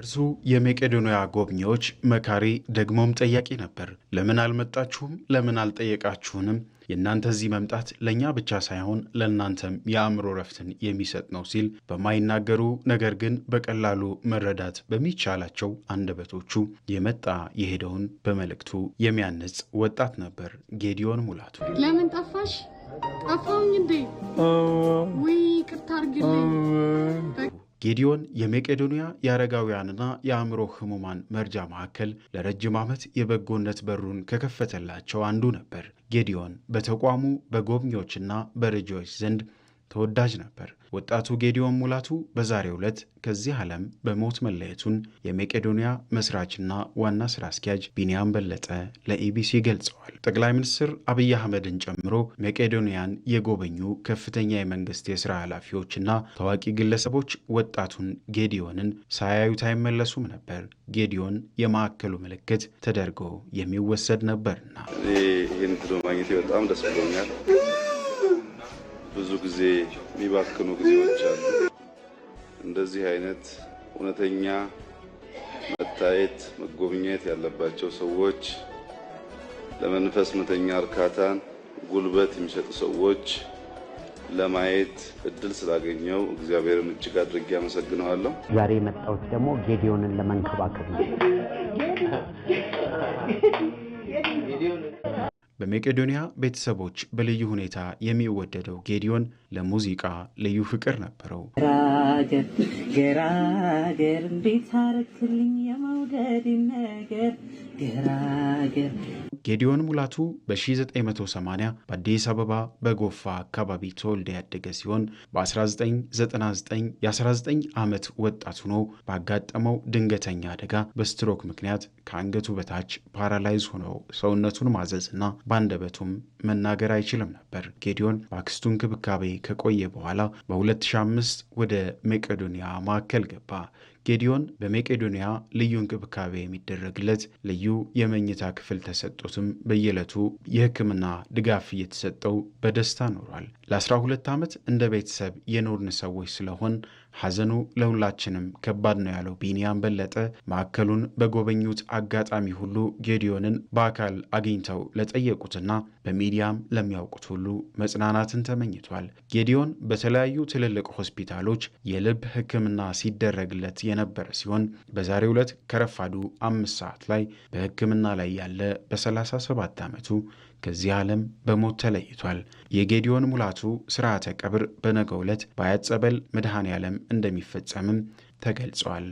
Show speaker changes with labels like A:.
A: እርሱ የመቄዶንያ ጎብኚዎች መካሪ ደግሞም ጠያቂ ነበር። ለምን አልመጣችሁም? ለምን አልጠየቃችሁንም? የእናንተ እዚህ መምጣት ለእኛ ብቻ ሳይሆን ለእናንተም የአእምሮ ረፍትን የሚሰጥ ነው ሲል በማይናገሩ ነገር ግን በቀላሉ መረዳት በሚቻላቸው አንደበቶቹ የመጣ የሄደውን በመልእክቱ የሚያነጽ ወጣት ነበር ጌዲዮን ሙላቱ።
B: ለምን ጠፋሽ? ጠፋውኝ እንዴ? ውይ ይቅርታ
A: ጌዲዮን የመቄዶንያ የአረጋውያንና የአእምሮ ህሙማን መርጃ ማዕከል ለረጅም ዓመት የበጎነት በሩን ከከፈተላቸው አንዱ ነበር። ጌዲዮን በተቋሙ በጎብኚዎችና በረጂዎች ዘንድ ተወዳጅ ነበር። ወጣቱ ጌዲዮን ሙላቱ በዛሬው ዕለት ከዚህ ዓለም በሞት መለየቱን የመቄዶንያ መስራችና ዋና ስራ አስኪያጅ ቢንያም በለጠ ለኢቢሲ ገልጸዋል። ጠቅላይ ሚኒስትር አብይ አህመድን ጨምሮ መቄዶንያን የጎበኙ ከፍተኛ የመንግስት የስራ ኃላፊዎችና ታዋቂ ግለሰቦች ወጣቱን ጌዲዮንን ሳያዩት አይመለሱም ነበር፣ ጌዲዮን የማዕከሉ ምልክት ተደርጎ የሚወሰድ ነበርና
C: ይህን ማግኘት በጣም ደስ ብሎኛል። ጊዜ የሚባክኑ ጊዜዎች አሉ። እንደዚህ አይነት እውነተኛ መታየት መጎብኘት ያለባቸው ሰዎች ለመንፈስ መተኛ እርካታን ጉልበት የሚሰጡ ሰዎች ለማየት እድል ስላገኘው እግዚአብሔርን እጅግ አድርጌ አመሰግነዋለሁ።
D: ዛሬ የመጣሁት ደግሞ ጌዲዮንን ለመንከባከብ ነው።
A: በመቄዶንያ ቤተሰቦች በልዩ ሁኔታ የሚወደደው ጌዲዮን ለሙዚቃ ልዩ ፍቅር ነበረው።
E: ገራገር እንዴት አረክልኝ የመውደድ ነገር ገራገር
A: ጌዲዮን ሙላቱ በ1980 በአዲስ አበባ በጎፋ አካባቢ ተወልደ ያደገ ሲሆን በ1999 የ19 ዓመት ወጣት ሆኖ ባጋጠመው ድንገተኛ አደጋ በስትሮክ ምክንያት ከአንገቱ በታች ፓራላይዝ ሆኖ ሰውነቱን ማዘዝና በአንደበቱም መናገር አይችልም ነበር። ጌዲዮን በአክስቱ እንክብካቤ ከቆየ በኋላ በ2005 ወደ መቄዶንያ ማዕከል ገባ። ጌዲዮን በመቄዶንያ ልዩ እንክብካቤ የሚደረግለት ልዩ የመኝታ ክፍል ተሰጥቶትም በየዕለቱ የሕክምና ድጋፍ እየተሰጠው በደስታ ኖሯል። ለ12 ዓመት እንደ ቤተሰብ የኖርን ሰዎች ስለሆን ሐዘኑ ለሁላችንም ከባድ ነው ያለው ቢንያም በለጠ ማዕከሉን በጎበኙት አጋጣሚ ሁሉ ጌዲዮንን በአካል አግኝተው ለጠየቁትና በሚዲያም ለሚያውቁት ሁሉ መጽናናትን ተመኝቷል። ጌዲዮን በተለያዩ ትልልቅ ሆስፒታሎች የልብ ሕክምና ሲደረግለት የነበረ ሲሆን በዛሬው ዕለት ከረፋዱ አምስት ሰዓት ላይ በሕክምና ላይ ያለ በ37 ዓመቱ ከዚህ ዓለም በሞት ተለይቷል። የጌዲዮን ሙላቱ ስርዓተ ቀብር በነገው ዕለት በአያት ጸበል መድኃኔ ዓለም እንደሚፈጸምም ተገልጿል።